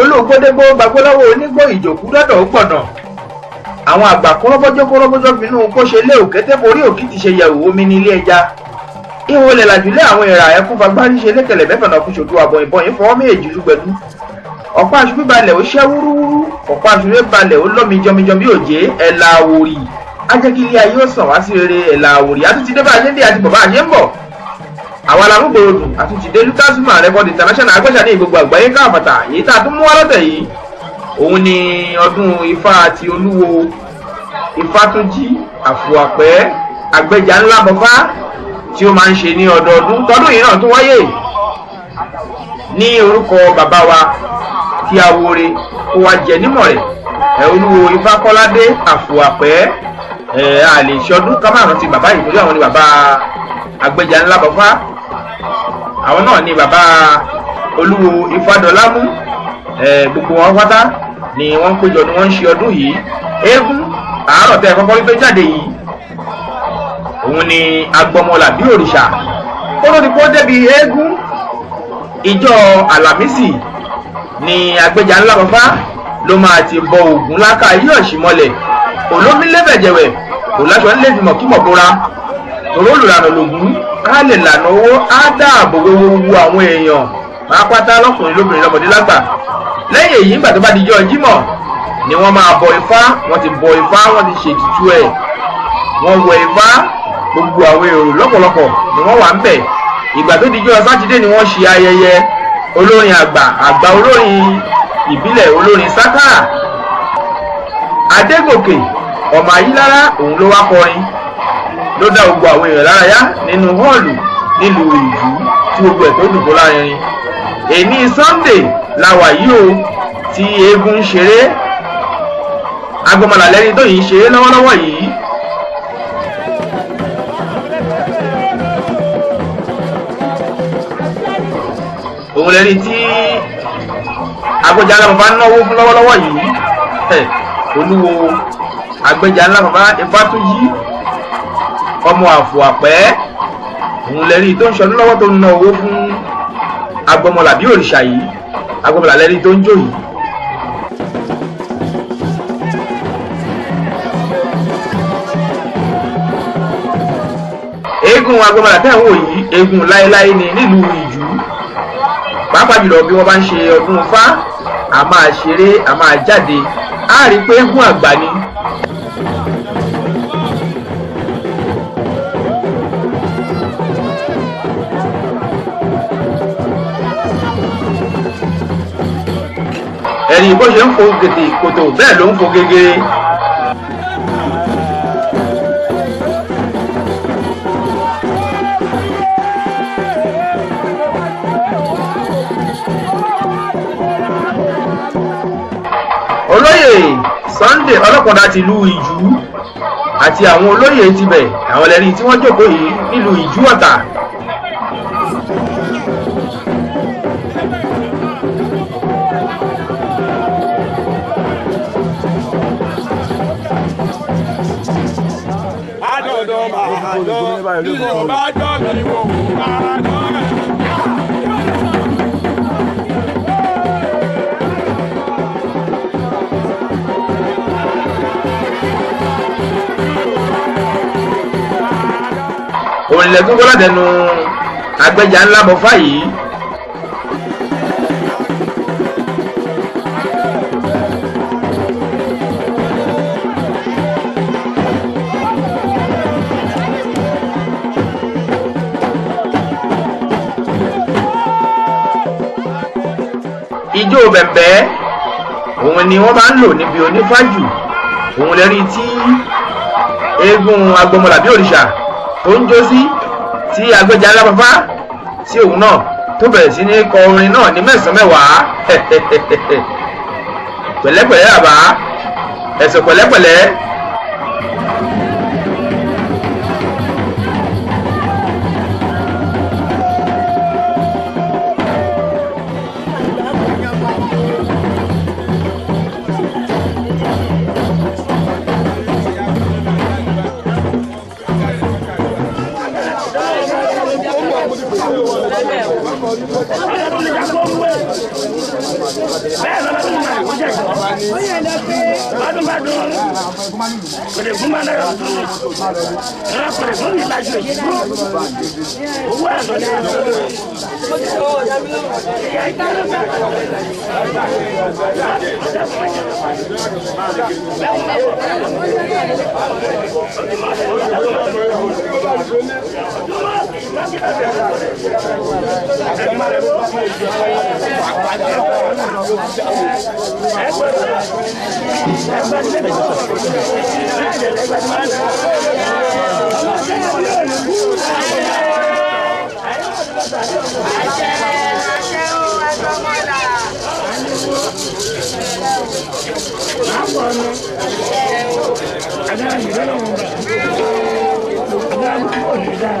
olóògbódégbó gbagbóláwo onígbó ìjòkú dọdọ gbọnà àwọn àgbà kọrọbọjọ kọrọbọjọ finú kó ṣe lé òkété borí òkìtì ṣe yẹ̀wò omi ní ilé ẹja ihò olè làjùlé àwọn ìrà ẹkún fagbárí ṣe lékele mẹfẹ̀nà kú ṣòdo àbọ̀ ìbọn yìí fọwọ́ méjì lúgbẹ̀dú ọ̀pá aṣubí balẹ̀ ó ṣẹ́ wúrúwúrú ọ̀pá aṣubí balẹ̀ ó lọ́mi jọmijọmi òjé ẹ̀là àwòrì ajẹ́kí ilé ayé ó sàn wá sí rere ẹ̀là àwòrì àtúntí débà ayé dé àti bàbá àyè ń bọ̀ àwọn alárúgbó odò àtúntìdé Lucas ma record international agbẹ́sà ní gbogbo àgbáyé káàbàtà èyí tá a tún mú wá lọ́tẹ̀ yìí òun ni ọdún ifá ti olúwo ifátúnjí àfùwàpẹ́ àgbẹ̀jà ńlá bọ́fá tí ó máa ń ṣe ní ọdọọdún tọdún yìí náà tún wáyé ní orúkọ bàbá wa tí a wore kó wa jẹ nímọ̀ rẹ̀ ẹ̀ olúwo ifákọ́ládé àfùwàpẹ́ ẹ̀ a lè ṣọdún ká má rántí bàbá yìí torí àwọn ni bàbá àgbẹ̀jà ńlá bọ́fá àwọn náà ni bàbá olúwo ifádọlámú gbogbo wọn pátá ni wọ́n péjọ ni wọ́n ń ṣe ọdún yìí eégún àárọ̀ tẹ́ kọ́kọ́ rí tó jáde yìí òun ni agbọmọlà bí òrìṣà ó ló ti kó débi eégún ìjọ àlàmísì ni agbẹjà ńlá bàbá ló máa ti bọ ògùn láká yíyọ ìṣìmọlẹ olómi lébẹjẹwẹ kò láṣọ ńlẹ fìmọ kímọ tòró lùlànà lògùn ká lè lànà owó á dáàbò gbogbo àwọn èèyàn pàápàá lọkùnrin lóbìnrin lọmọdé lágbà lẹ́yìn èyí nígbà tó bá di jọ jímọ̀ ni wọ́n máa bọ ifá wọ́n ti bọ ifá wọ́n ti ṣètùtù ẹ̀ wọ́n wọ ifá gbogbo àwọn èrò lọ́pọ̀lọpọ̀ ni wọ́n wà ń bẹ̀ ìgbà tó di jọ sátidé ni wọ́n ṣe ayẹyẹ olórin àgbà àgbà olórin ìbílẹ̀ olórin sáká adégòkè ọmọ ayílára òun ló wá kọrin ló dá gbogbo àwọn èèyàn lárayá nínú họ́ọ̀lù nílùú ìlú tí gbogbo ẹ̀ tó dùbò lárinrin èní sunday làwà yìí o tí eégún ń ṣeré agbọmọlà lẹni tó yìí ń ṣeré lọ́wọ́lọ́wọ́ yìí òun lẹni tí agbẹjà ńlá bàbá náwó fún lọ́wọ́lọ́wọ́ yìí olúwo agbẹjà ńlá ifá tó yí ọmọ àfọwàpẹ́ òun lẹ́rìí tó ń ṣọdún lọ́wọ́ tó ń ná owó fún agbọmọlà bí òrìṣà yìí agbọmọlà lẹ́rìí tó ń jó yìí. eégún agbọmọlà tẹ̀ ń wò yìí eégún láéláé ni nílùú ìjú pàápàá jùlọ bí wọ́n bá ń ṣe ọdún fá a máa ṣeré a máa jáde a rí i pé eégún àgbà ni ẹ̀yìn bó ṣe ń fo gègé kòtò bẹ́ẹ̀ ló ń fo gègé. olóyè Sunday Ọlọ́kọ̀dá ti lu ìjú àti àwọn olóyè tibẹ̀ àwọn ẹlẹ́rìí tí wọ́n jókòó yìí nílùú ìjú ọ̀tà pẹ̀lú mi. yóò bá dọ̀ agbẹ́jà ńlá mọ́fà yìí. ijó bẹ̀m̀bẹ́ òun ni wọ́n máa ń lò níbi onífájù òun lẹ́rí tí eégún agbọmọlàbí òrìṣà tó ń jó sí tí agbẹjà alábàfá sí òun náà tó bẹ̀rẹ̀ sí ní kọ orin náà ní mẹ́sàn-án mẹ́wàá pẹ̀lẹ́pẹ̀lẹ́ àbá ẹ̀sọ̀ pẹ̀lẹ́pẹ̀lẹ́ represente la justice. Ouais, donnez Thank you. Adáàbò kúrò ní dáa.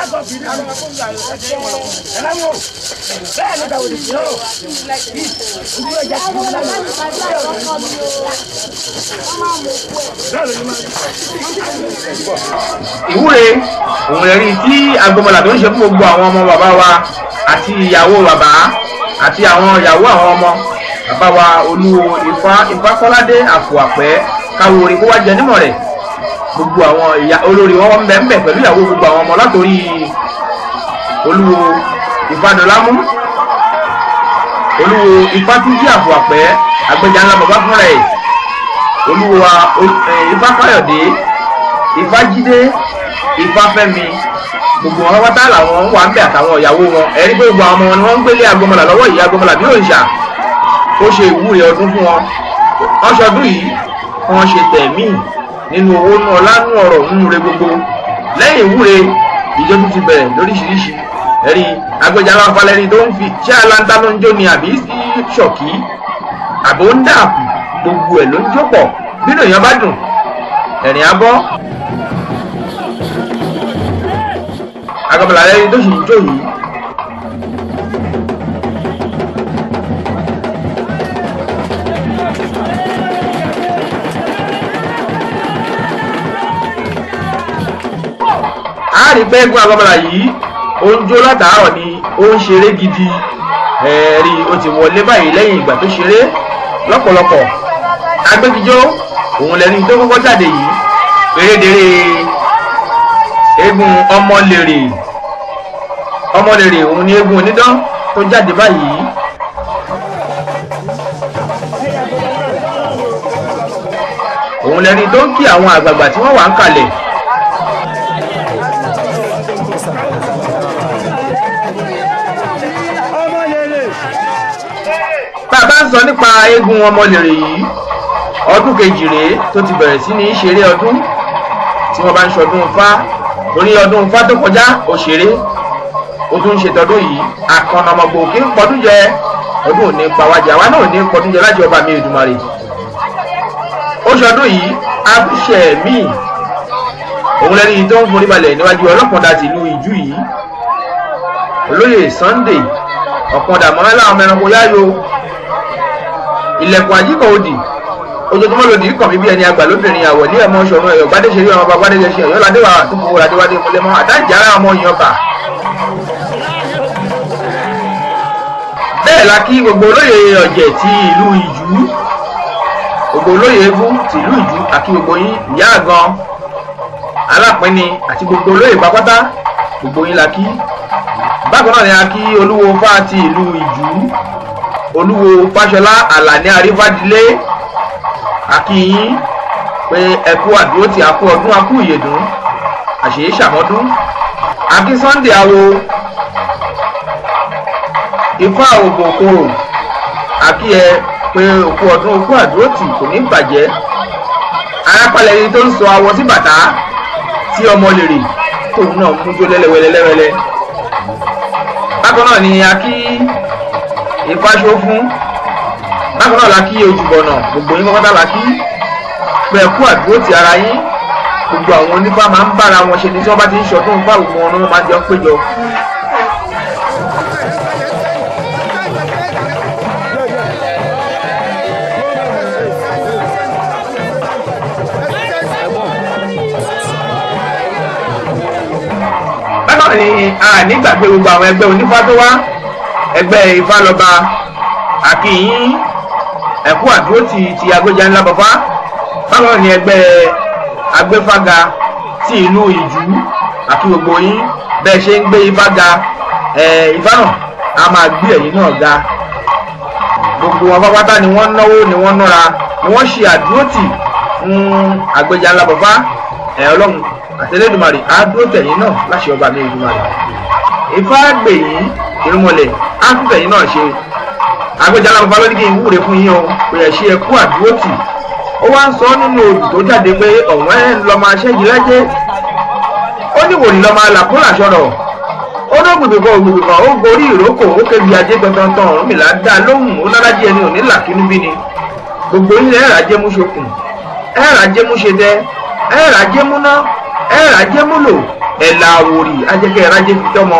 alágọ̀ bí ní àwọn akóńgbà ẹgbẹ́ wọn ẹ̀láwọ̀ bẹ́ẹ̀ ló dàwọ̀ lèṣẹ́ o ìlú ẹja ti mú lánàá bẹ́ẹ̀ ló ní máa ìwúre òun rẹ̀ rí tí agbọmọlà tó ń ṣe fún gbogbo àwọn ọmọ bàbá wa àti ìyàwó bàbá àti àwọn ìyàwó àwọn ọmọ bàbá wa olúwo ìfá ìfákọ́ládé àpò àpẹ́ káwọ́ orin kó wá jẹ nímọ̀ rẹ̀ gbogbo àwọn ìyá olórí wọn ń bẹ ń bẹ pẹ̀lú ìyàwó gbogbo àwọn ọmọ látòrí olúwo ìfadọ̀lámú olúwo ìfátúndí àbò àpẹ́ àgbẹjà ńlá bàbá fúnra ẹ̀ olúwo ìfákáyọ̀dé ìfájídé ìfáfẹ́mi gbogbo wọn pátá làwọn wà ń bẹ àtàwọn ìyàwó wọn ẹ̀rí pé gbogbo àwọn ọmọ wọn ni wọ́n ń gbélé agbọmọlà lọ́wọ́ ìyá agbọmọlà bí òòṣà ó ṣe ìwúre ọdún fún wọn wọ́n ṣọdún yìí wọ́n ṣe tẹ̀míì nínú owó nù ọlá nù ọ̀rọ̀ nù re gbogbo lẹ́yìn ìwúre ìjọ tún ti bẹ̀rẹ̀ lóríṣiríṣi ẹ̀rí agbẹjàlá falẹ́rí tó ń fi ṣé aláǹtá ló ń jó ni àbí sí ṣọ̀kí àbò ń dààpù gbogbo ẹ̀ ló ń jó pọ̀ nínú èèyàn bá dùn ẹ̀rìn abọ́ agbẹ̀bàlá lẹ́rí tó sì ń jó yìí rí pé eégún agbábọ́là yìí ó ń jó látàárọ̀ ni ó ń ṣeré gidi ẹ̀ẹ́rì ó ti wọlé báyìí lẹ́yìn ìgbà tó ṣeré lọ́pọ̀lọpọ̀ agbẹ́gijó òun lẹ́ni tó kọ́kọ́ jáde yìí erédèrè eégún ọmọlèrè ọmọlèrè òun ni eégún onídán tó jáde báyìí. òun lẹ́ni tó ń kí àwọn àgbààgbà tí wọ́n wà ń kalẹ̀. bá ń sọ nípa eégún ọmọlèrè yìí ọdún kejì rèé tó ti bẹ̀rẹ̀ sí ní ṣeré ọdún tí wọ́n bá ń ṣọdún fá torí ọdún fá tó kọjá òṣèré ó tún ń ṣètọ́dún yìí àkànnàmọ̀gbò kí ń pọdún jẹ ọdún òní pàwájà wa náà ní pọdún jẹ láti ọba mi Èdùmàrè oṣù ọdún yìí abúṣe míì òun lẹni tó ń forí balẹ̀ níwájú ọlọ́kùnrin àti ìjú yìí olóyè Sunday ọ̀kùnrin àmọ́ láwọn ọmọ ẹranko yáyò ilẹ̀kùn àjíkọ̀ òdì ojoojúmọ́ lòdì ikọ̀ bíbí ẹni àgbà lóbìnrin àwọ̀ ní ẹ̀mọ́ ṣọ̀nù ẹ̀yọ́ gbádẹ́sẹ̀ yóò ọmọ gbádẹ́sẹ̀ ẹ̀yọ́ ládéwà tó fowó adéwádé mọ́lẹ́mọ́ àdájà ọmọ yẹn bà. bẹ́ẹ̀ la kí gbogbo olóyè ọ̀jẹ̀ ti ìlú ìjú gbogbo olóyè egun ti ìlú ìjú àti gbogbo yín ìyá àgan alápínni àti gbogbo olóyè pápátá gbogbo yín la kí bákan náà ni a kí olúwo fáà ti ìlú ìjú olúwo fáṣọlá àlàní àríwádìlé akínyìn pé ẹkú àdúró tí a kú ọdún akú ìyèdùn àṣèyí ṣàmọdún akí sunday awo ifá ògbòkòrò akí ẹ pé òkú ọdún òkú àdúró tì kò ní bàjẹ́ arápálẹ̀ ẹni tó ń sọ awọ sí bàtà tí ọmọ lè rè tóun náà mú jó lẹ́lẹ́wẹ́lẹ́ lẹ́wẹ́lẹ́ bákan náà ni akí ìfájó fún náà la ojúbọ̀nà gbogbo yín kọ́kọ́tà la kí pẹ̀kú àdúró ti ara yín gbogbo àwọn onífá máa ń bára wọn ṣe ní tí wọ́n bá ti ń ṣọdún bá òun ọ̀nà wọn máa jọ péjọ. bákan náà ni a gbogbo àwọn ẹgbẹ́ onífá tó wá ẹgbẹ́ ifálọ́ba àkìyìn ẹ̀kú àdúrótì ti agbéjà ńlá bàbá báwọn ni ẹgbẹ́ agbéfága ti ìlú ìjú àti gbogbo yín bẹ́ẹ̀ ṣe ń gbé ifá ga ifá náà a máa gbé ẹ̀yìn náà ga gbogbo wọn pápátá ni wọ́n náwó ni wọ́n nára ni wọ́n ṣe àdúrótì fún agbéjà ńlá bàbá ẹ̀ ọlọ́run àtẹlẹ́dùmarè àdúrótẹ̀yìn náà láṣẹ ọba mi ìdùmarè ikọ́ àgbè yìí ìrúnmọlẹ̀ á tún tẹ̀yìn náà ṣe agbẹjọ́lá bàbá ló ní kí n wúre fún yín o kò yẹ ṣe ẹkú àdúró tì ó wá ń sọ nínú òdù tó jáde pé ọ̀wọ́n ẹ̀ ń lọ máa ṣẹ́gi lẹ́jẹ́ ó ní wòlíì lọ́ọ́ máa là kó làṣọ́rọ̀ ó ní ògbìgbì kan ògbìgbì kan ó gorí ìrókò ó kébi ajé gbọ̀ngàn ọ̀rùn mi láàdá lóhùn ó lálájí ẹni òní làkínú bí ni gbogbo ilẹ̀ ẹ̀rà jẹ́mú ṣokùn ẹ̀rà jẹ́mú ṣe dẹ́ ẹ̀rà jẹ́mú náà ẹ̀rà jẹ́múlò ẹ̀là àwòrì ajẹ́kẹ́ ẹ̀rà fi fitọ́mọ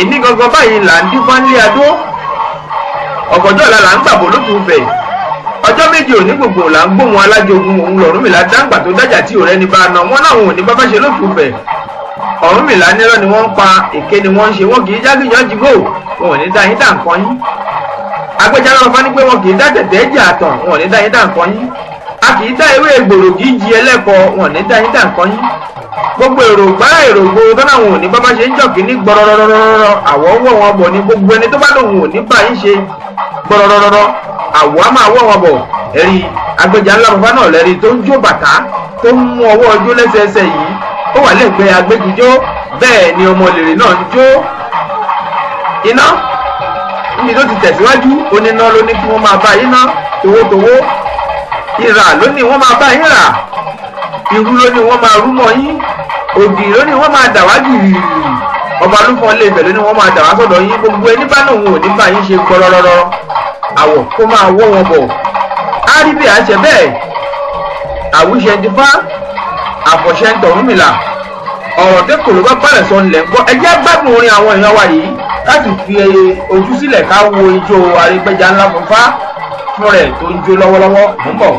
èmi gangan báyìí là ń dífá ńlé adó ọ̀la là ń ọjọ́ méje òní gbogbo là ń gbóhùn alájogun òun mi dáńgbà tó dájà tí òrẹ́ ni bá a nà wọ́n láwọn òní bábá ṣe mi là ni wọ́n pa èké ni wọn ò ní wọn kì í dá tẹ̀tẹ̀ wọn ò ní dá yín dà a kì í dá ewé gbòrògì jí wọn ò gbogbo èròǹgbà èròǹgbò tọ́láwọn òní bá bá ṣe ń jọ̀kí ní gbọ́rọ̀rọ̀rọ̀rọ̀ àwọ̀ wọ̀ wọn bọ̀ ní gbogbo ẹni tó bá lòun òní bá ń ṣe gbọ́rọ̀rọ̀rọ̀ àwọ̀ á máa wọ̀ wọn bọ̀ ẹ̀rí agbẹjà ńlá bàbá náà lẹ́rí tó ń jó bàtà tó ń mú ọwọ́ ọjọ́ lẹ́sẹẹsẹ yìí ó wà lẹ́gbẹ̀ẹ́ agbẹ́gijó bẹ́ẹ̀ ni ọmọ lèrè náà ń jó iná níbi tó ti tẹ̀síwájú oníná ló ní kí wọ́n máa bá yín ná ìrà ló wọ́n máa bá yín rà irú ló ní wọ́n máa rúmọ yín òdì ló ní máa dà wá ọba lúfọ lè fẹ ló ní máa dà wá yín gbogbo ẹni bá lòun ò ní bá yín ṣe gbọrọrọrọ àwọ kó máa wọ wọn bọ á rí bí àṣẹ bẹ́ẹ̀ àwùjẹ ti fá àfọ̀ṣẹ ń tọ̀rún mìlà ọ̀rọ̀ tí kò ló bá bàrẹ̀ sọ ńlẹ̀ ń gbọ́ gbádùn orin àwọn èèyàn wa yìí láti fi ojú sílẹ̀ ká wo ijó arígbẹ́já ńlá fúnfá fún rẹ̀ tó ń jó lọ́wọ́lọ́wọ́ mú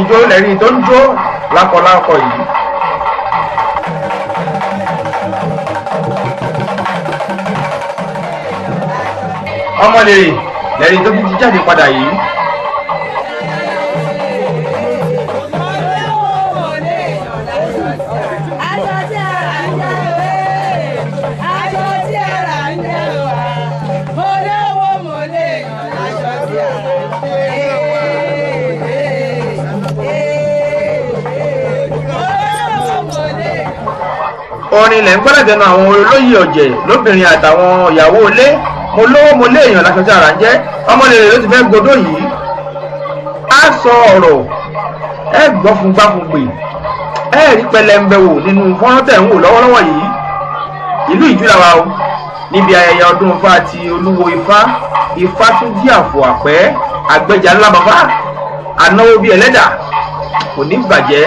ìjó lẹ́rìn tó ń jó lákọlákọ yìí. ọmọ lèrè lẹ́rìn tó ti jáde padà yìí. orin ilẹ̀ ń gbọ́dọ̀dẹ̀nu àwọn olóyè ọ̀jẹ̀ lóbìnrin àtàwọn ìyàwó ilé mo lówó mo lé èèyàn láṣọ tí ara ń jẹ́ ọmọ lèrè ló ti fẹ́ gbọdọ̀ yìí á sọ ọ̀rọ̀ ẹ gbọ́ fungbáfungbè ẹ rí pẹlẹmbẹ wò nínú fọ́nrán tẹ̀ ń wò lọ́wọ́lọ́wọ́ yìí ìlú ìjúlá wa o níbi ayẹyẹ ọdún ifá àti olúwo ifá ifá tún jí àfò àpẹ́ àgbẹjà ńlá bàbá ànáwó bíi ẹlẹ́dà kò ní bàjẹ́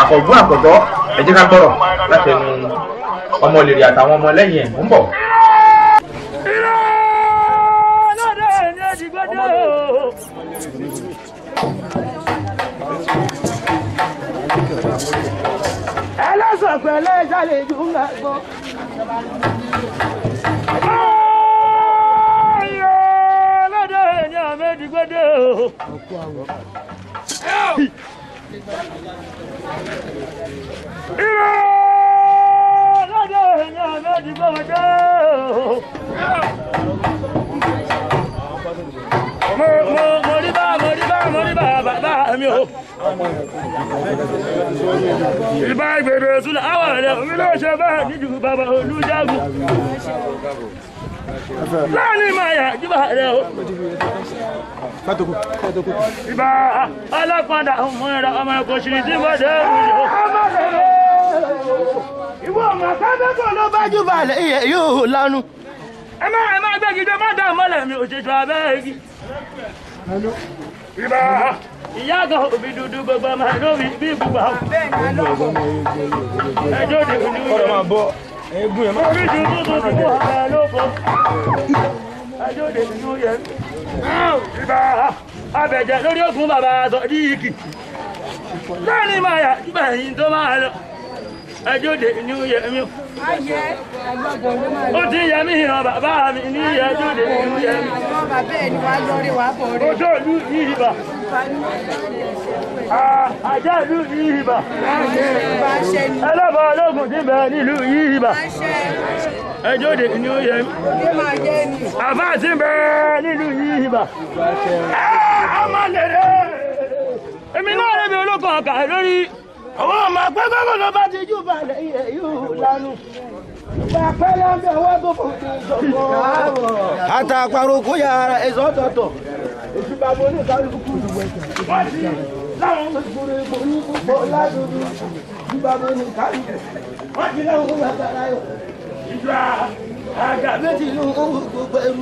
àkọ́gbọ́n àkọ́gbọ́n ẹ jẹ́ ká gbọ́rọ̀ láti ẹnu ọmọ lèrè àtàwọn ọmọ lẹ́yìn ẹ̀ ń bọ̀. ẹlẹ́sọ̀ pẹ̀lẹ́ ìjàlejò ń gbàgbọ́. Gbọ́dọ̀. Ire lọ́dọ̀ èèyàn méjì gbọ́dọ̀. Mo mo bá mo rí bàbá mi o láàrin máa yà jíbà rẹ o. ìbá alápàdà ọmọọ̀rọ̀ ọmọ ẹ̀kọ́ ṣì ní síbọ̀dẹ̀ ìwọ ọmọ kábẹ́kọ̀ ló bá jù balẹ̀ iye yóò lánú. ẹ má ẹ má gbẹ́gi jọ má dá mọ́lẹ̀ mi òṣèṣọ́ abẹ́rẹ́gi. ìbá ìyá kan òbí dúdú gbogbo ọmọ àdóbi bí gbogbo àwọn. ẹjọ́ òde òní. ọ̀rọ̀ máa bọ́ egun yẹn máa ń bọ̀. oríṣi ti kó ara ló bàbá sọ ní ìkì. lẹ́ni ó yẹ mí hàn ìlú yìí bà àjẹ́ ìlú yìí bà ẹlẹ́bàá ológun ti bẹ̀rẹ̀ nílùú yìí bà ẹjọ́ òde ni ó yẹ àbá ti bẹ̀rẹ̀ nílùú yìí bà ọmọ lèrè èmi náà rẹ̀ mi ológun ọ̀kà lórí àwọn ọmọ pẹ́ gómìnà bá ti jù balẹ̀ ilẹ̀ yóò lánàá àtàkpàrọ̀ kó yàrá ẹ̀sọ́ ọ̀tọ̀ọ̀tọ̀ èsì bàbá oníkàlùkù ìwé láwọn gbòòrò èkó ní gbogbo ládùúgbò nígbà wo ni káyọ̀ wọ́n ti láwọn gbogbo àgbàrá yọ̀ ìjọ àgbà méjì ló ń gbogbo ẹrú.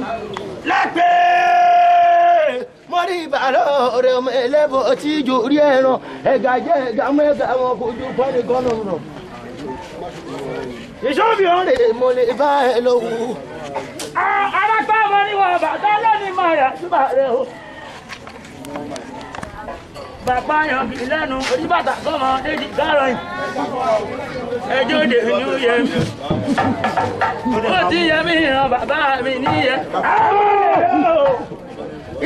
lápẹ́ mọ́rí ìbàlọ́ rẹ̀ ọmọ ẹlẹ́bọ̀ tí ìjò rí ẹran ẹ̀gà jẹ́ ẹ̀gà mọ́ ẹ̀gà wọn kò ju pọ́nì gọ́nà rọ̀. ìṣòbí ọ̀rẹ́ mo lè bá ẹ lọ́wọ́. arápá ọmọ ni wọn bàtà lẹ́ni máa yà síbà rẹ o bàbá yan bí lẹ́nu oníbàtà kọ́mọ déjì kárọ̀yìn ẹjọ́ òde ìlú yẹ ó ti yẹ mí yan bàbá mi níyẹ.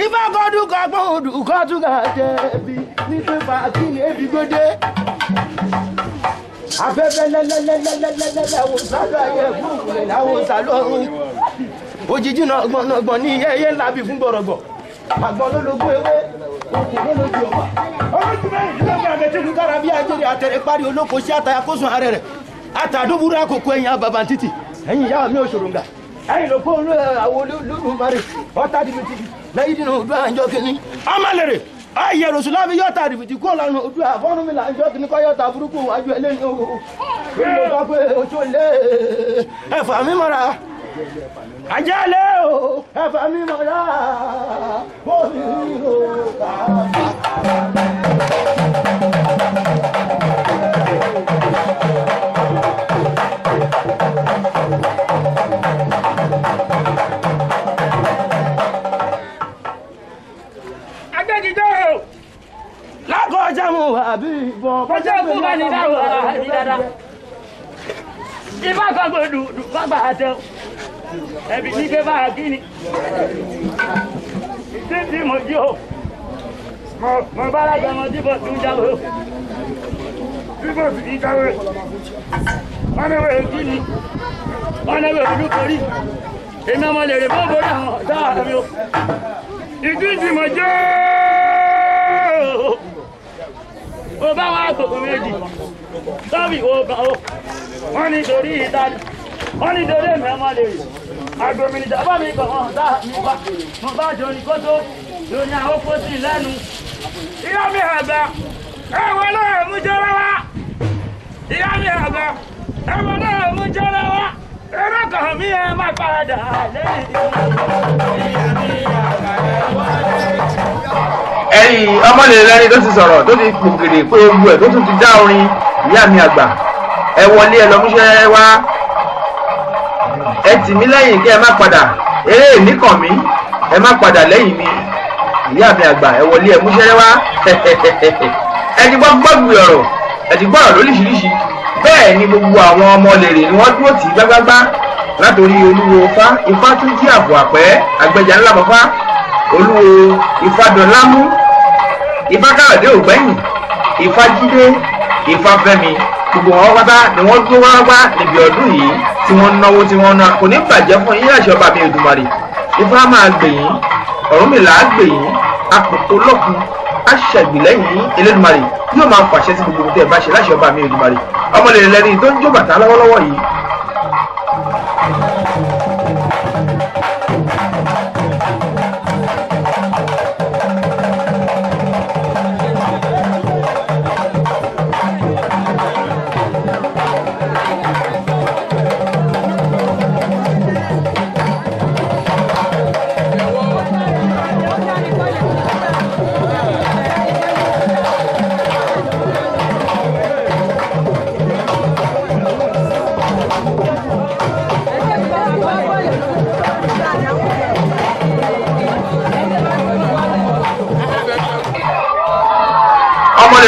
ifá kọ́dún kan pọ̀ odù kọ́tún kan jẹ́ ebi ní pípa kí ni ebi gbódé afẹ́fẹ́ lẹ́lẹ́lẹ́lẹ́lẹ́lẹ́ àwòsálò ayé fún òkùnrin àwòsálò ọ̀run òjijì náà gbọ̀nàgbọ̀n ní iye iye ńlá bíi fún gbọ̀rọ̀gbọ̀ àgbọn olólogún ewé òkùnkùn lójú ọba olójúmọ́ ìdílọ́gbà àgbẹ̀tìkù kára bí ajẹ́rẹ́ àtẹ̀rẹ́ parí olóko sí àtàyà kóso ààrẹ rẹ̀ àtàdúburú àkókò ẹ̀yìn àbàbà títì ẹ̀yìn ìyá mi òṣòròǹgà ẹ̀yìn lóko eh, àwọn olólùmarè ọ̀tàdìmìtìkì lẹ́yìn dínà òdú àjọ kìíní ọmọlèrè ayé rosulabi yọta rìbìtì kó lànà òdú àfọ́nùmílà àjọ kìíní kọ́ yọta burúkú àjọ ẹlẹ́ni o kí ló sọ pé ojú lé ẹ̀fà mímọ́ra àjálẹ̀ o ẹ̀fà mímọ́ yá bó mi rí o kọjá mu àbí ìbọn. kọjá mu bá ní dáhùn àbí dáadáa ẹ̀bí ní gbé báyà kí ni títí mo jí o mo bá lájà mo jí bọ̀ tún jáwé o bí bọ̀ tún jáwé wọ́n ní wẹ̀ kí ni wọ́n ní wẹ̀ ojú korí èmi ọmọ lèrè bó borí àwọn ọ̀dọ́ àmì o ìdíjì mo jẹ́ o bá wọn àgbòkò méjì sọ́ọ̀bì wo gan o wọ́n ní torí ìdájọ́ wọ́n ní dèrè mi ọmọ lè rí agbèmìnìjà bá mi gbọ̀ wọn dá mi bá mo bá jọ ní kótó lóní àwọn pósí lẹ́nu. ìyá mi àgbà ẹ wọlé ẹ̀mú jọra wa ìyá mi àgbà ẹ wọlé ẹ̀mú jọra wa ẹ̀rọ kàn mí ẹ má padà lẹ́yìn ìyá mi àgbà ẹ wọlé ẹ̀yin ọmọlẹ́lẹ́ni tó ti sọ̀rọ̀ tó ti gbòkèrè pé ewu ẹ̀ tó tún ti dá orin ìyá mi àgbà ẹ wọlé ẹ lọ́múṣẹ́ wá ẹ tì mí lẹ́yìn kí ẹ má padà eré èmi kàn mí ẹ má padà lẹ́yìn mi ìyá mi àgbà ẹ wọlé ẹ múṣẹ́rẹ́ wá ẹ ti gbọ́ gbọ́gbì ọ̀rọ̀ ẹ ti gbọ́rọ̀ lóríṣiríṣi bẹ́ẹ̀ ni gbogbo àwọn ọmọ lèrè ni wọ́n dúró tì í gbágbágbá látòrí olúwo ifá ifá tún jí àbò àpẹ́ àgbẹjà ńlá bàbá olúwo ifádọ̀lámú ifá káyọ̀dé ògbẹ́yìn ifá jídé ifá fẹ́mi gbogbo wọn pátá ni wọ́n dúró wárápá níbi ọdún yìí tí wọ́n náwó tí wọ́n ná kò ní bàjẹ́ fún yín àṣẹ ọba mi Èdùmàrè ifá máa gbè yín Ọ̀rúnmìlà á gbè yín apòpò lọ́kun aṣàgbìlẹ́yìn Elédùmarè yóò máa fàṣẹ sí gbogbo tẹ́ ẹ bá ṣe láṣẹ ọba mi Èdùmàrè ọmọlẹ́rẹ́ lẹ́ni tó ń jó bàtà lọ́wọ́lọ́wọ́ yìí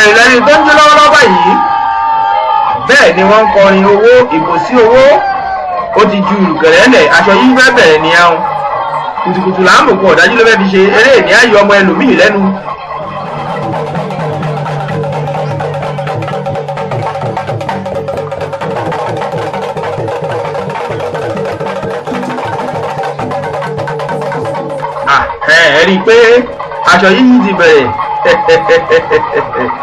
obìnrin lẹ́ni tó ń jó lọ́wọ́lọ́wọ́ báyìí bẹ́ẹ̀ ni wọ́n ń kọrin owó ìkòsí owó ó ti ju ìrùkẹ̀rẹ́lẹ̀ aṣọ yìí fẹ́ bẹ̀rẹ̀ ní ẹ̀hún kùtùkùtù là ń bò pọ̀ dájú ló fẹ́ fi ṣe eré ìní ayọ̀ ọmọ ẹlòmíì lẹ́nu. ẹ ẹ rí i pé aṣọ yìí ti bẹ̀rẹ̀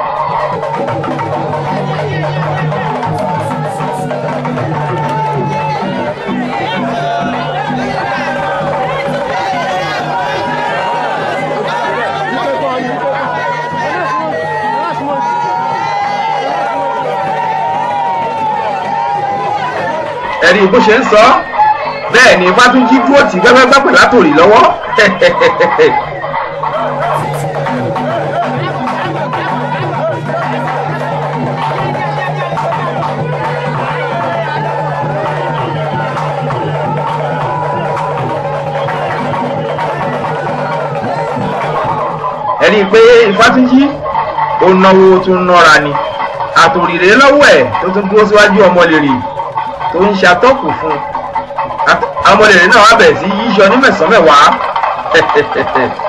ẹ̀rí bó ṣe ń sọ bẹ́ẹ̀ ni fátúnjí dúró tì gẹ́gẹ́ gbàpè látòrí lọ́wọ́ ẹ̀rí pé ìfátúnjí ó náwó tún nára ni àtòrìrè lọ́wọ́ ẹ̀ tó tún dúró síwájú ọmọ ó ń ṣàtọ́kù fún un àwọn ọmọdé náà wá bẹ̀rẹ̀ sí yíyọ ní mẹ́sàn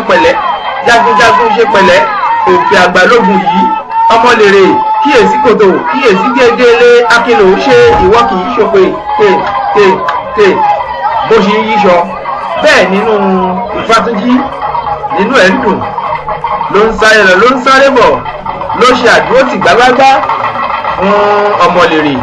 ṣe pẹ̀lẹ́ jagunjagun ṣe pẹ̀lẹ́ òfin àgbàlógún yìí ọmọ lèrè kíyèsí kòtò kíyèsí gédélé akínlò ṣe ìwọ kì í ṣòpè tè tè tè bó ṣe ń yíṣọ bẹ́ẹ̀ nínú ìfatújí nínú ẹ̀ ń dùn ló ń sáré lọ ló ń sáré bọ̀ ló ṣe àdúró tìgbàgbàgbà ń ọmọ lèrè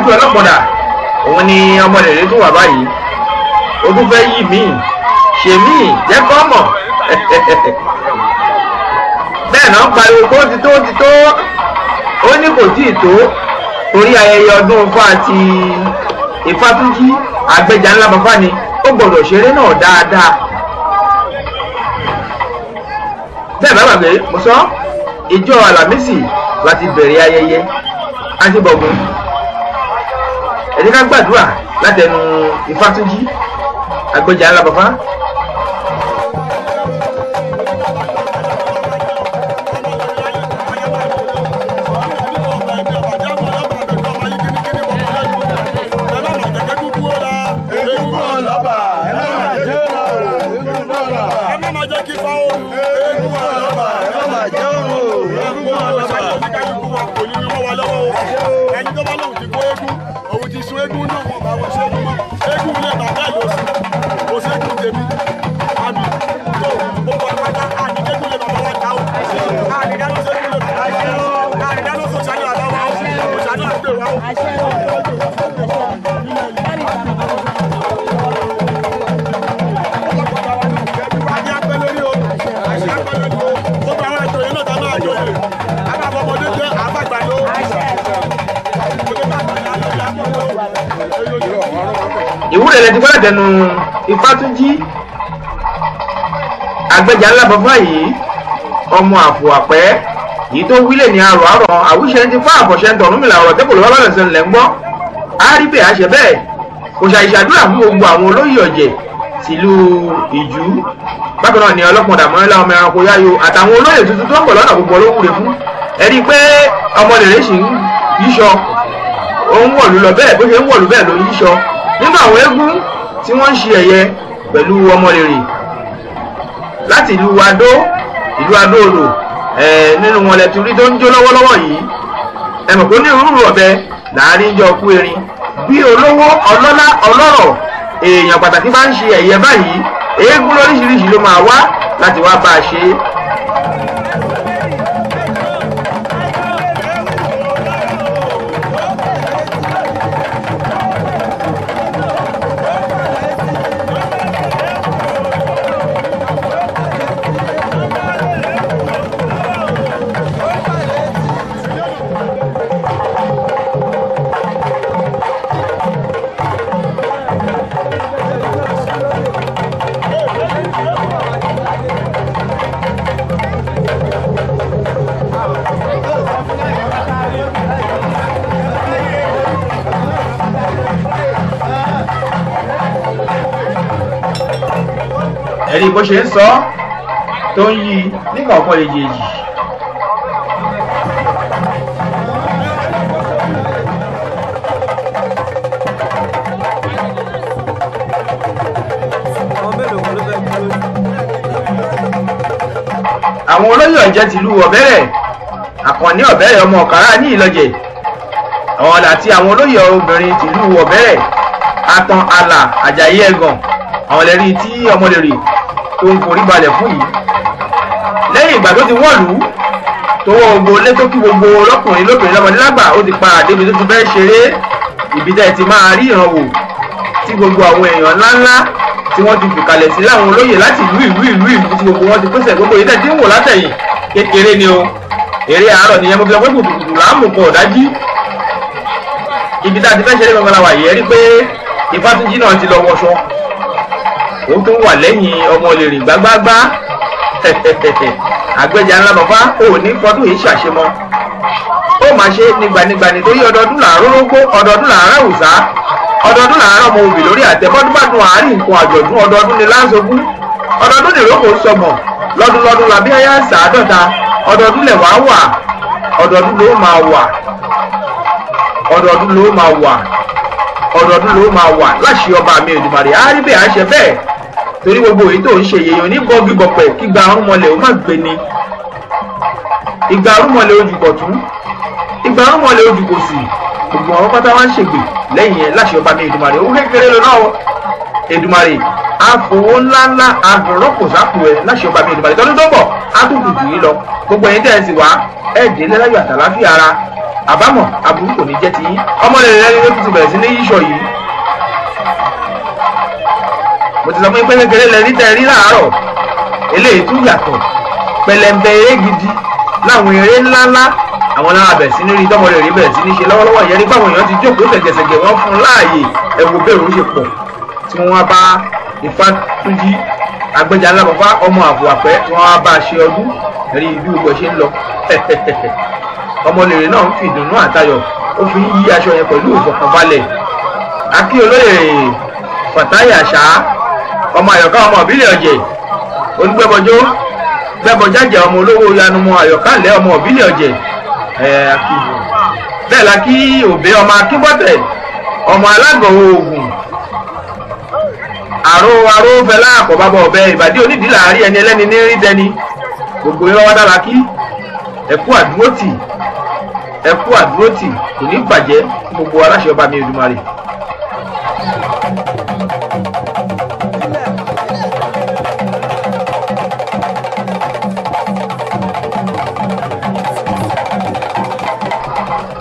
aṣáájú ọlọ́pọ̀dà òun ni ọmọ rẹ̀ tó wà báyìí ó tún fẹ́ yí mi ṣe mí jẹ́ kọ́ mọ̀ bẹ́ẹ̀ náà pariwo kó ti tó ti tó ó ní kò tí ì tó torí ayẹyẹ ọdún ifá àti ifá túnjí àgbẹjà ńlá bàbá ni ó gbọdọ̀ ṣeré náà dáadáa bẹ́ẹ̀ bá bàbá mo sọ ìjọ àlàmísì láti bẹ̀rẹ̀ ayẹyẹ àti bọ̀gùn ẹ jẹ́ ká gbàdúrà látẹnu Ifátúnjí agbẹjà alábàfá ẹni tó eégún náà wọn bá wọn ṣẹ́gun mọ́ eégún náà. lẹ́lẹ́ ti gbọ́dọ̀ dẹnu Ifátúnjí àgbẹ̀jà ńlá bàbá yìí ọmọ àpò àpẹ́ yìí tó wílẹ̀ ní arọ̀ arọ̀ àwíṣẹ́ ti fọ́ àfọ̀ṣẹ́ tọ̀rúnmìlà ọ̀rọ̀ tẹ́kọ̀ ló bá bẹ̀rẹ̀ sẹ́nu lẹ́ ń gbọ́ á rí bẹ́ẹ̀ àṣẹ bẹ́ẹ̀ kò ṣàìṣàdúrà fún gbogbo àwọn olóyè ọ̀jẹ̀ tìlú ìjú bákan náà ni ọlọ́pàá dàmọ́lá ọmọ ẹranko yáyò àtàwọn olóyè tuntun tó ń bọ̀ lọ́nà gbogbo olówó rẹ̀ fún ẹni pé ọmọ lèrè ṣì ń yíṣọ ó ń wọ̀lú lọ bẹ́ẹ̀ bó ṣe ń wọ̀lú bẹ́ẹ̀ ló ń yíṣọ nínú àwọn eégún tí wọ́n ń ṣe ẹ̀yẹ pẹ̀lú ọmọlèrè láti ìlú adó ìlú adó odò nínú wọn lẹ́tù rí tó ń jó lọ́wọ́lọ́wọ́ yìí ẹ mọ̀ pé ní ìrúurú ọ̀bẹ láàrin jọ kú erin bí olówó ọlọ́lá ọlọ́rọ̀ èèyàn pàtàkì bá ń ṣe ẹ̀yẹ báyìí eégún lóríṣiríṣi ló máa wá láti wá bá a ṣe é ẹ̀rí bó ṣe ń sọ tó ń yí nígbà ọ̀pọ̀ èjì èjì. àwọn olóyè ọ̀jẹ̀ tìlú ọ̀bẹ̀rẹ̀ àkànní ọ̀bẹ̀rẹ̀ ọmọ ọ̀kárá ní ìlọ́jẹ̀ ọ̀ọ̀là àti àwọn olóyè obìnrin tìlú ọ̀bẹ̀rẹ̀ atan àlà àjàyí ẹ̀gàn àwọn lẹ́rí tí ọmọ òun forí balẹ̀ fún yìí lẹ́yìn ìgbà tó ti wọ̀lú tó wọ gbogbo létó kí gbogbo lọ́kùnrin lóbìnrin lọ́mọdé lágbà ó ti padà débi tó ti fẹ́ ṣeré ibi tẹ́ ti máa rí ìrànwọ́ tí gbogbo àwọn èèyàn ńláńlá tí wọ́n ti fìkàlẹ̀ sí láwọn olóyè láti ìlú ìlú ìlú ìlú tí gbogbo wọn ti pèsè gbogbo yìí tẹ̀sí ń wò látẹ̀yìn kékeré ni o eré àárọ̀ nìyẹn mo fi lọ pé kùtùkùtù là ń ọ̀dájú ibi tá a ti fẹ́ ṣeré gbọ̀ngàn la wà yìí ẹ rí pé ìfátúnjì náà ti lọ wọṣọ ó tún wà lẹ́yìn ọmọ lè rìn gbágbágbá àgbẹ̀jà ńlá bàbá ò ní fọdún yìí ṣàṣemọ́ ó mà ṣe nígbanigbani tó yí ọdọọdún làárọ̀ rógbó ọdọọdún làárọ̀ òòsà ọdọọdún làárọ̀ ọmọ òbí lórí àtẹ̀bọ́dún bá dun àárín nǹkan àjọ̀dún ọdọọdún ni lásogún ọdọọdún nìrókò sọmọ lọ́dún lọ́dún làbí ẹyà sàádọ́ta ọdọọdún lẹ̀ wá wà ọdọọdún ló máa wà ọdọọdún ló máa wà ọdọọdún ló máa wà láṣìí ọba mi Èdùmàrè àárí bẹ́ẹ̀ àṣẹ bẹ́ẹ̀ torí gbogbo èyí tó ń ṣe yẹ̀yàn ní bọ́gìbọ̀pẹ̀ kígba arúmọlẹ̀ ó má gbé ni ìgbà arúmọlẹ̀ ojúbọ̀ tún ìgbà arúmọlẹ̀ ojúbọ̀ sí gbogbo àwọn pátá wá ń ṣègbè lẹ́yìn ẹ̀ láṣẹ ọba mi Èdùmàrè owó kékeré lọ náà Èdùmàrè àfowó ńláńlá àgbọ̀rọ̀pọ̀ sápò ẹ̀ láṣẹ ọba mi Èdùmàrè tọdún tó bọ̀ á tún kùkù yìí lọ gbogbo ẹ̀yin tẹ̀ ẹ̀ sì wá ẹ̀ dé lẹ́láyọ̀ àtàláfíà ara àbámọ̀ àbúrú kò ní jẹ́ tiyín ọmọ rẹ̀ rẹ̀ ló ti bẹ̀rẹ̀ sí ní yíṣọ yìí mo ti sọ pé pẹ́lẹ́gẹ́lẹ́ lẹ rí tẹ́ rí láàárọ̀ eléyìí tún yàtọ̀ pẹlẹmbẹ eré gidi láwọn eré ńláńlá àwọn lára bẹ̀rẹ̀ sí ní rí tọ́mọ rẹ̀ rí bẹ̀rẹ̀ sí ní ṣe lọ́wọ́lọ́wọ́ ìyẹn nípa àwọn èèyàn ti jókòó ṣẹ̀gẹ̀ṣẹ̀gẹ̀ wọ́n fún láàyè ẹ̀wò bẹ̀rù ń ṣe pọ̀ tí wọ́n bá Ifátúnjí agbẹ́jà alábọ̀fá ọmọ àbò àpẹ́ tí wọ́n bá ṣe ọdún rí bí gbogbo ṣe ń lọ ọmọlèrè náà ń fi ìdùnnú àtayọ̀ ó fi ń yí aṣọ yẹn pẹ̀lú ìfọ̀kànbalẹ̀ akí olóyè Fàtáyà ṣáá ọmọ àyọ̀ká ọmọ òbílẹ̀ ọ̀jẹ̀ onígbẹ́bọjọ́ gbẹ́bọjájà ọmọ olówó yanumu àyọ̀ká lẹ́ ọmọ òbílẹ̀ ọ̀jẹ̀ bẹ́ẹ̀ la kí òbí ọmọ akíbọ̀tẹ̀ ọmọ alágọ̀ oògùn àrò arò fẹlá àkọ́bábọ̀ ọ̀bẹ ìbàdí onídìí láàárín ẹni ẹlẹ́ni ní rí dẹni gbogbo yẹn wá dára kí ẹ̀kú àdúrótì ẹ̀kú àdúrótì kò ní bàjẹ́ gbogbo aláṣẹ ọba mi Èdùmàrè.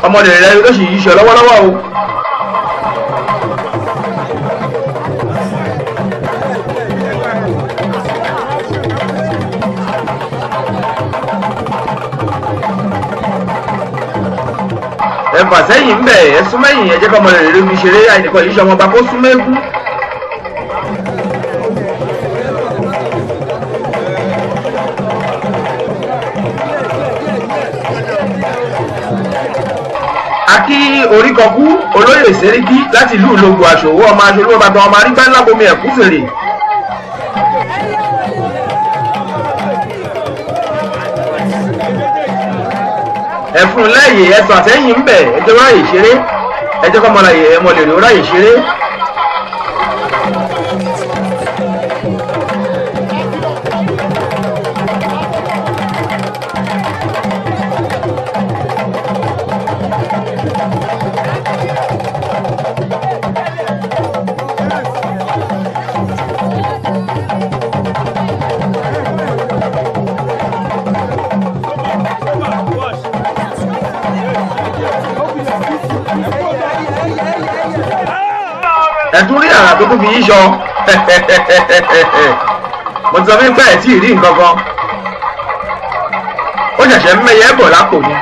ọmọdé rẹ ló sì yíṣọ lọ́wọ́lọ́wọ́ o. ẹ̀fà sẹ́yìn ń bẹ̀ ẹ̀ súnmẹ́yìn ẹ̀jẹ̀ kọ́mọdé rẹ ló fi ṣeré àìníkọ̀ yíṣọ kó súnmẹ́kú. kí oríkọkú olóyè sẹ́ríkí láti ìlú ìlógun àṣòwò ọmọ aṣolú ọbàdàn ọmọ arígbá ńlábomi ẹ̀kú fèrè. ẹ̀fun lẹ́yìn ẹ̀sùn àtẹ̀yìn ń bẹ̀ ẹjọ́ ráyè ṣeré ẹjọ́ kọ́mọláyè ẹ̀mọ́lẹ̀rẹ̀ ráyè ṣeré. kì í yọ mo ti sọ fún pẹ́ẹ́ tí ì rí nǹkan kan ó ṣẹ̀ṣẹ̀ ń mẹ́yẹ bọ̀ lápò ni.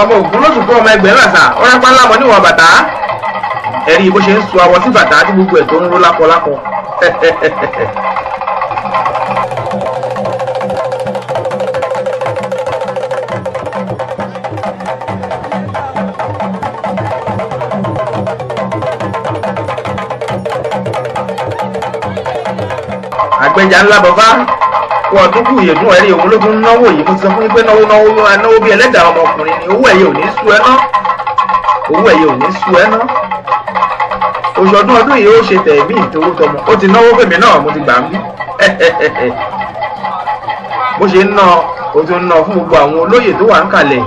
ọmọ ògún ló tún kọ́ ọmọ ẹgbẹ̀rún àṣà ọ̀rápá ńlá mọ́ níwọ̀n bàtà ẹ̀rí bó ṣe ń so awọ sí bàtà àti gbogbo ẹ̀ tó ń ró lákọlákọ. àgbẹjà ńlá bàbá wọn tó kù yèdùn ẹ̀rí òun ló tún náwó yìí mo ti sọ fún yín pé náwó náwó ló máa náwó bí ẹlẹ́dàá ọmọkùnrin ni owó ẹ̀yẹ ò ní sú ẹ ná owó ẹ̀yẹ ò ní sú ẹ ná oṣù ọdún ọdún yìí ó ṣe tẹ̀mí ìtòwó tọmọ ó ti náwó fèmí náà mo ti gbà ń bí bó ṣe ń ná o tún ná fún gbogbo àwọn olóyè tó wà ń kalẹ̀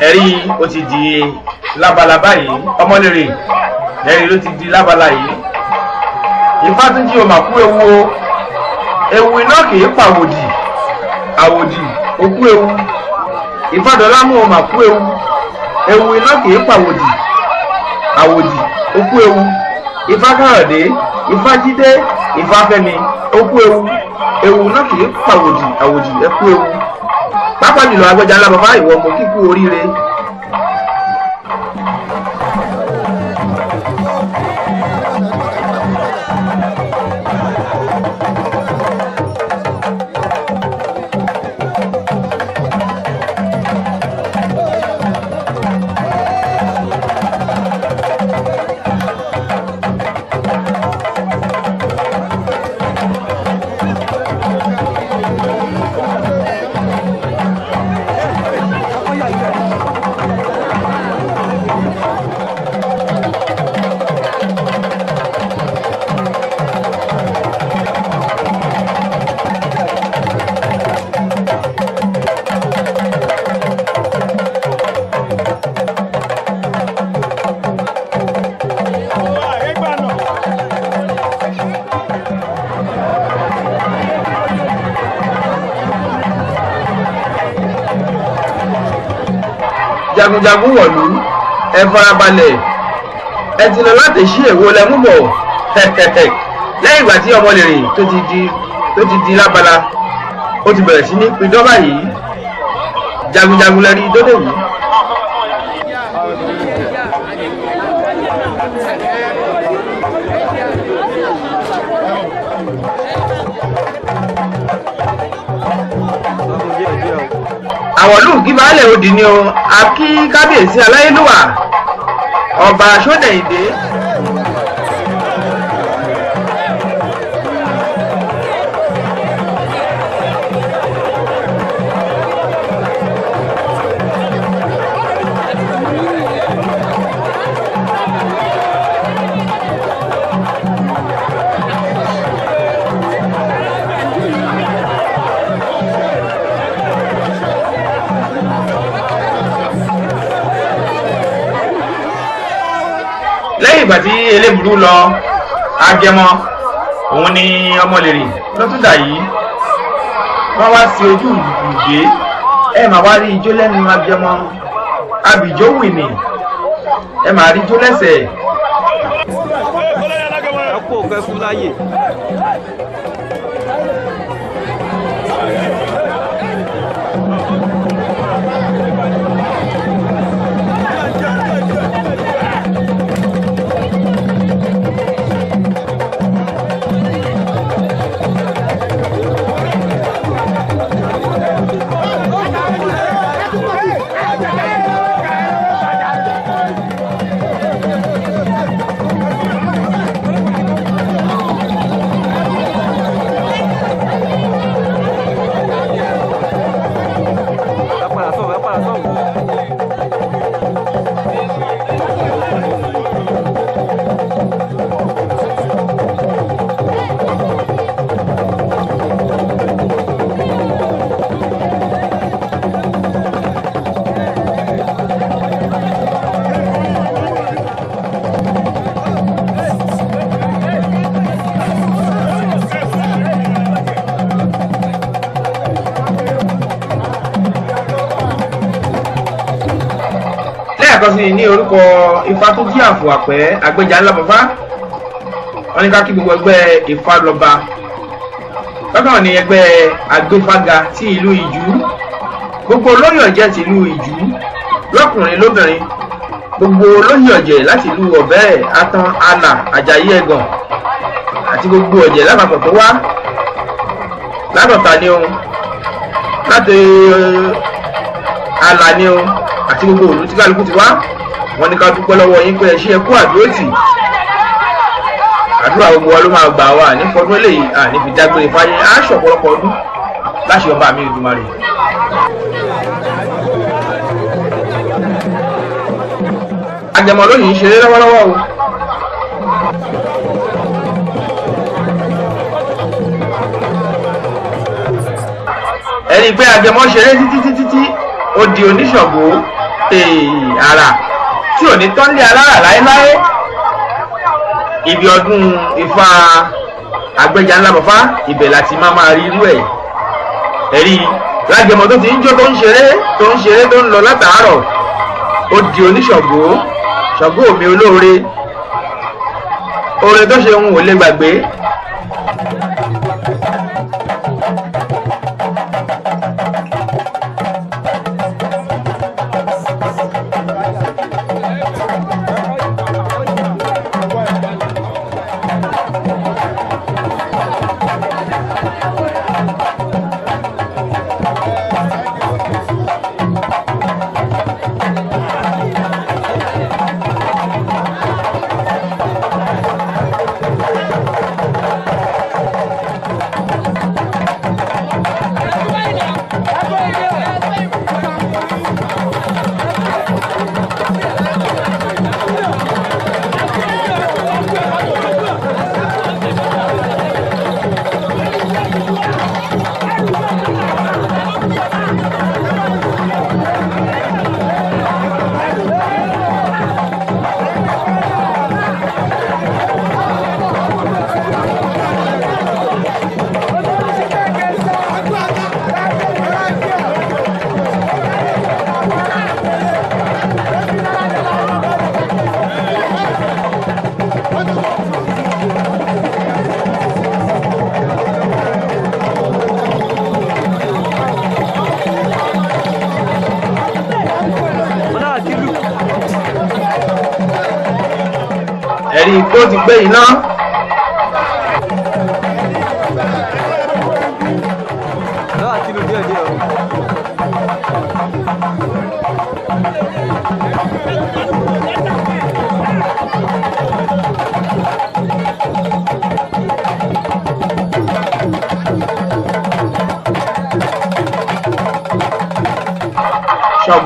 ẹ̀rí o ti di labalábá yìí ọmọlẹ́rẹ̀ ẹ̀rí o ti di lábala yìí ìfátúnjì o mà kú ewu o ewu iná kì í pàwòdì àwòdì o kú ewu ìfádọ́lámù o mà kú ewu ewu iná kì í pàwòdì àwòdì o kú ewu ìfákàrọ̀dé ìfájídé ìfáfẹ́mi o kú ewu ewu iná kì pa pàwòdì àwòdì ẹ kú ewu pápá jùlọ agbẹjà ńlá bàbá ìwọ mo kíkú oríire jagunjagun wọ̀lú ẹ farabalẹ̀ ẹ ti lọ láti ṣí èwo lẹ bọ̀ lẹ́yìn ìgbà tí ọmọ lè rìn tó ti di tó ti di lábala ó ti bẹ̀rẹ̀ sí ní pidán báyìí jagunjagun lẹ rí dódè yìí. àwọn lùkì baálẹ̀ odì ni o a kí kábíyèsí aláyélúwà ọba sódẹ̀yìndé. ìgbà tí elébùrú lọ agẹmọ òun ni ọmọlèrè lọ́tún dà yìí wọ́n wá sí ojú ìgbé ẹ máa wá rí ijó lẹ́nu agẹmọ abìjó wìnì ẹ máa rí ijó lẹ́sẹ̀. ẹ kú òkú ẹ láyè. ní ní orúkọ ifátúnjí àfò àpẹ àgbẹjà ńlá bàbá wọn ní ká kí gbogbo ẹgbẹ́ ifá lọba lọ́kàn ní ẹgbẹ́ àgbéfága ti ìlú ìjú gbogbo olóyè ọ̀jẹ̀ ti ìlú ìjú lọ́kùnrin lóbìnrin gbogbo olóyè ọ̀jẹ̀ láti ìlú ọ̀bẹ́ atan àlà àjàyí ẹ̀gàn àti gbogbo ọ̀jẹ̀ lápapọ̀ tó wá látọ̀tà ni o láti àlà eh, ni o àti gbogbo òlú tí kálukú ti wá wọ́n ní ká dúpẹ́ lọ́wọ́ yín pé ẹ ṣe ẹ kú àdúró tì àdúrà gbogbo wa ló máa gbà wá ní fọdún eléyìí àní fi dágbére fáyé aṣọ ọ̀pọ̀lọpọ̀ ọdún láṣẹ ọba mi Olódùmarè. àjẹmọ́ lónìí ń ṣeré lọ́wọ́lọ́wọ́ o. ẹni pé àjẹmọ́ ṣeré títí títí ó di oníṣọ̀gbó ara tí ò ní tán lé alára láéláé ibi ọdún ifá agbẹjà ńlá bọ̀fá ibẹ̀ láti má máa rí irú ẹ̀ ẹ̀rí lágbẹ̀mọ tó ti ń jó tó ń ṣeré tó ń ṣeré tó ń lọ látàárọ̀ ó di oníṣọ̀gbó ṣọ̀gbó mi olóore oore tó ṣe ń wò lè gbàgbé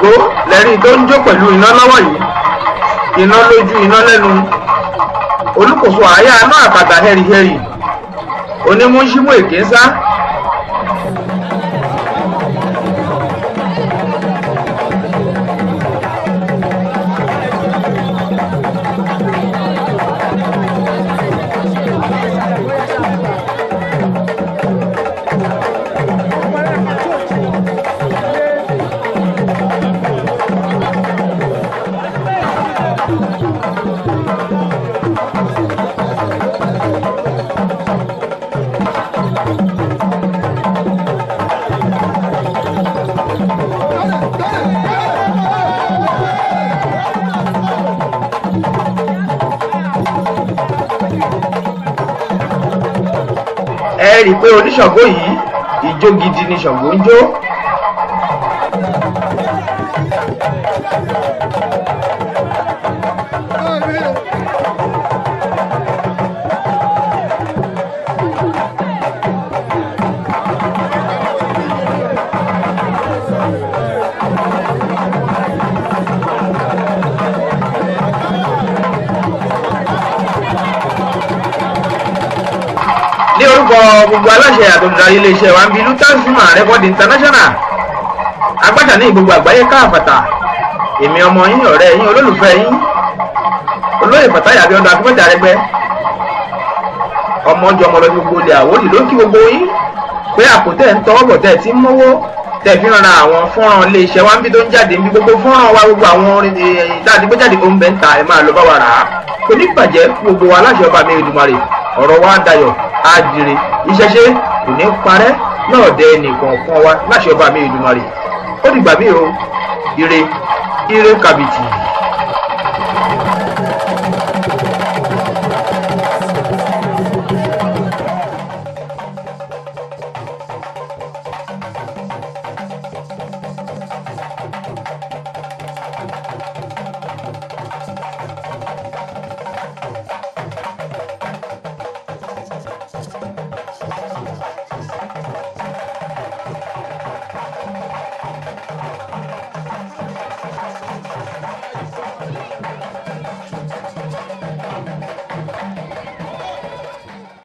Ṣàngó lẹ́rí tó ń jó pẹ̀lú iná lọ́wọ́ yìí iná lójú iná lẹ́nu olùkóso àyà náà àbàtà hẹ́rihẹ́rì onímúṣímù èké ń sá pé oníṣàngó yìí ìjó gidi ni ṣàngó ń jó. gbogbo aláṣẹ àtòlùdarí iléeṣẹ́ wa ń bi Lutas Human Record International agbájà ní gbogbo àgbáyé káàfàtà èmi ọmọ yín ọ̀rẹ́ yín olólùfẹ́ yín olóyè Fatai Abiodun Akínbọ́jà Arẹ́gbẹ́ ọmọ ọjọ́ ọmọ lọ́dún gbogbo ilẹ̀ àwòdì ló ń kí gbogbo yín pé àpòtẹ́ ń tọwọ́ bọ̀ tẹ́ ti ń mówó tẹ́ fi ràn àwọn fọ́nrán iléeṣẹ́ wa ń bí tó ń jáde ń bí gbogbo fọ́nrán wa gbogbo àwọn dáadégbéjáde ó ń bẹ́ ń ta ẹ̀ máa lọ bá wa rà á kò gbogbo aláṣẹ ọba mi Èdùmàrè ọ̀rọ̀ wa dayọ̀ á dire ìṣẹ̀ṣe kò ní parẹ́ náà dẹ ẹnìkọ̀ọ̀kan wa láṣẹ ọba mi Èdùmàrè ó dìgbà míì o ire ire kàbìtì.